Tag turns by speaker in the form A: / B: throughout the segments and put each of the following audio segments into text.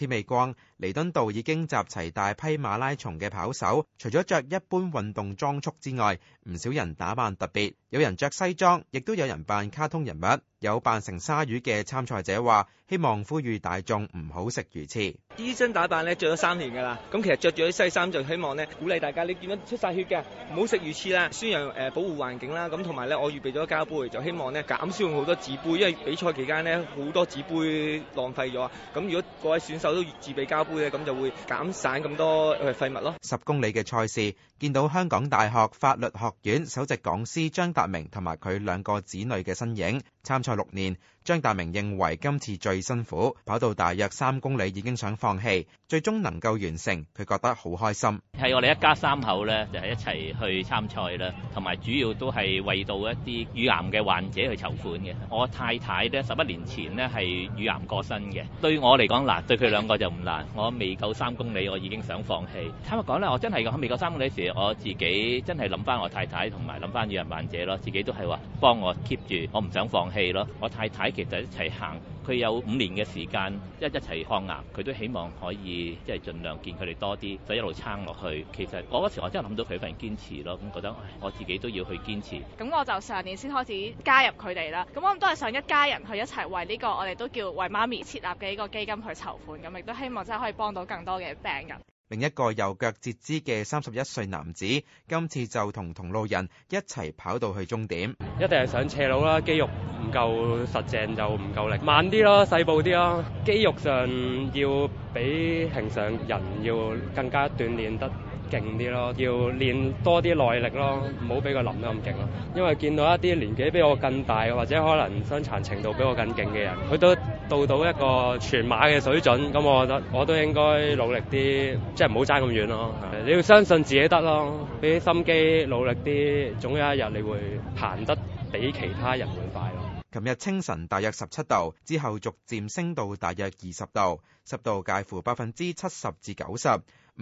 A: 天未光，彌敦道已經集齊大批馬拉松嘅跑手，除咗着一般運動裝束之外，唔少人打扮特別，有人着西裝，亦都有人扮卡通人物。有扮成鯊魚嘅參賽者話，希望呼籲大眾唔好食魚翅。
B: 醫生打扮咧，着咗三年噶啦。咁其實着住啲西衫就希望咧，鼓勵大家你見到出晒血嘅，唔好食魚翅啦，宣揚誒保護環境啦。咁同埋咧，我預備咗膠杯，就希望咧減少好多紙杯，因為比賽期間咧好多紙杯浪費咗。咁如果各位選手都
A: 自備膠杯咧，咁就
B: 會減散咁
A: 多誒廢物咯。十公里嘅賽事，見到香港大學法律學院首席講師張達明同埋佢兩個子女嘅身影，參賽。六年。張大明認為今次最辛苦，跑到大約三公里已經想放棄，最終能夠完成，佢覺得好開心。係我哋一家三口咧，就係一齊去參賽啦，同埋主要都係為到一啲乳癌嘅患者去籌款嘅。我太太咧，十一年前呢係乳癌過身嘅，對我嚟講難，對佢兩個就唔難。我未夠三公里，我已經想放棄。坦白講咧，我真係未夠三公里時，我自己真係諗翻我太太同埋諗翻乳癌患者咯，自己都係話幫我 keep 住，我唔想放棄咯。我太太。其實一齊行，佢有五年嘅時間，一一齊抗癌，佢都希望可以即係盡量見佢哋多啲，就一路撐落去。其實我嗰時候我真係諗到佢份人堅持咯，咁覺得我自己都要去堅持。
C: 咁我就上年先開始加入佢哋啦，咁我都係想一家人去一齊為呢個我哋都叫為媽咪設立嘅一個基金去籌款，咁亦都希望真係可以幫到更多嘅病人。
A: 另一個右腳截肢嘅三十一歲男子，今次就同同路人一齊跑到去終點。一定係想斜路啦，肌肉唔夠實淨，就唔夠力，慢啲咯，細步啲咯，肌肉上要比平常人要更加鍛鍊得。勁啲咯，要練多啲耐力咯，唔好俾佢諗得咁勁咯。因為見到一啲年紀比我更大，或者可能傷殘程度比我更勁嘅人，佢都到到一個全馬嘅水準，咁我覺得我都應該努力啲，即係唔好爭咁遠咯。你要相信自己得咯，俾啲心機努力啲，總有一日你會行得比其他人會快。琴日清晨大約十七度，之後逐漸升到大約二十度，濕度介乎百分之七十至九十。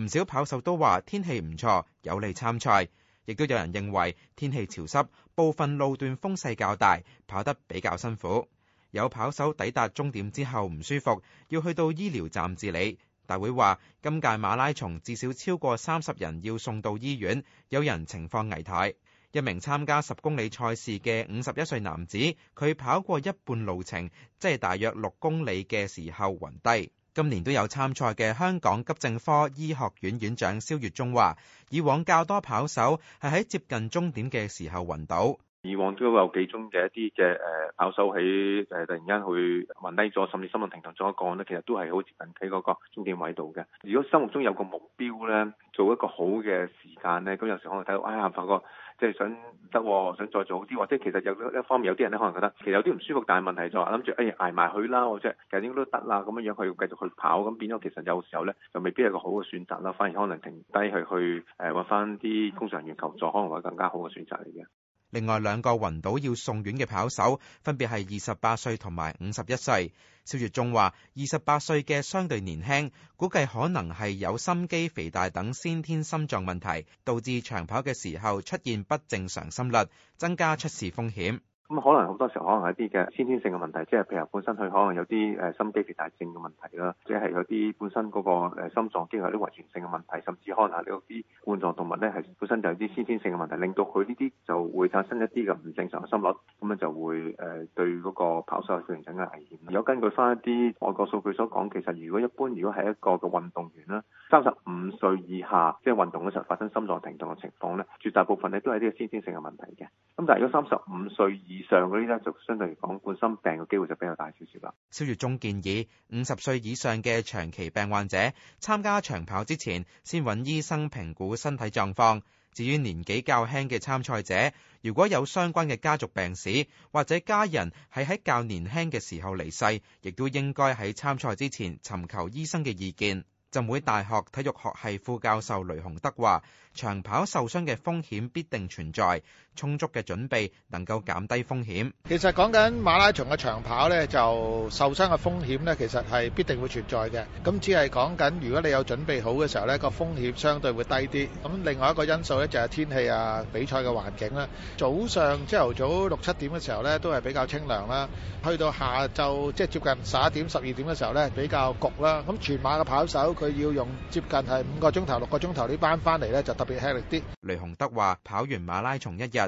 A: 唔少跑手都話天氣唔錯，有利參賽。亦都有人認為天氣潮濕，部分路段風勢較大，跑得比較辛苦。有跑手抵達終點之後唔舒服，要去到醫療站治理。大會話，今屆馬拉松至少超過三十人要送到醫院，有人情況危殆。一名參加十公里賽事嘅五十一歲男子，佢跑過一半路程，即係大約六公里嘅時候暈低。今年都有參賽嘅香港急症科醫學院院長蕭粵中話：以往較多跑手係喺接近終點嘅時候暈倒。
B: 以往都有幾宗嘅一啲嘅誒跑手喺，誒、呃、突然間去暈低咗，甚至心臟停頓咗一個案咧，其實都係好接近喺嗰個終點位度嘅。如果生活中有個目標咧，做一個好嘅時間咧，咁、嗯、有時可能睇到哎呀，發覺即係想唔得，想再做好啲，或者其實有一方面有啲人咧可能覺得其實有啲唔舒服，但係問題就話，諗住誒挨埋去啦，或者其實應該都得啦，咁樣樣去繼續去跑，咁變咗其實有時候咧就未必係個好嘅選擇啦，反而可能停低去去誒搵翻啲工作人員求助，可能會更加好嘅選擇嚟嘅。
A: 另外兩個暈倒要送院嘅跑手，分別係二十八歲同埋五十一歲。肖月仲話：二十八歲嘅相對年輕，估計可能係有心肌肥大等先天心臟問題，導致長跑嘅時候出現不正常心律，增加出事風險。
B: 咁、嗯、可能好多時候可能係一啲嘅先天性嘅問題，即係譬如本身佢可能有啲誒、呃、心肌肥大症嘅問題啦，即係有啲本身嗰、那個、呃、心臟機械啲遺傳性嘅問題，甚至可能有啲冠狀動脈咧係本身就係啲先天性嘅問題，令到佢呢啲就會產生一啲嘅唔正常嘅心律，咁啊就會誒、呃、對嗰個跑手造成少少嘅危險。如果根據返一啲外國數據所講，其實如果一般如果係一個嘅運動員啦，三十五歲以下，即係運動嘅時候發生心臟停頓嘅情況咧，絕大部分咧都係啲先天性嘅問題嘅。咁但係如果三十五歲以，以上嗰啲呢，就相對嚟講冠心病嘅機會就比較大少少啦。
A: 肖月中建議，五十歲以上嘅長期病患者參加長跑之前，先揾醫生評估身體狀況。至於年紀較輕嘅參賽者，如果有相關嘅家族病史，或者家人係喺較年輕嘅時候離世，亦都應該喺參賽之前尋求醫生嘅意見。浸會大學體育學系副教授雷雄德話，長跑受傷嘅風險必定存在。充足嘅準備能夠減低風險。其實講緊
C: 馬拉松嘅長跑呢，就受傷嘅風險呢，其實係必定會存在嘅。咁只係講緊如果你有準備好嘅時候呢，個風險相對會低啲。咁另外一個因素呢就係天氣啊，比賽嘅環境啦。早上朝頭早六七點嘅時候呢，都係比較清涼啦。去到下晝即係接近十一點、十二點嘅時候呢，比較焗啦。咁全馬嘅跑手佢要用接近係五個鐘頭、六個鐘頭呢班翻嚟呢，就特別吃力啲。
A: 雷洪德話：跑完馬拉松一日。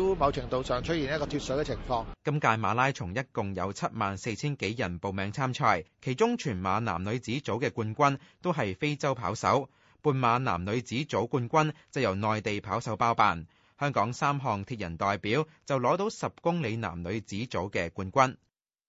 C: 都某程度上出現一個脫水嘅情況。
A: 今屆馬拉松一共有七萬四千幾人報名參賽，其中全馬男女子組嘅冠軍都係非洲跑手，半馬男女子組冠軍就由內地跑手包辦。香港三項鐵人代表就攞到十公里男女子組嘅冠軍。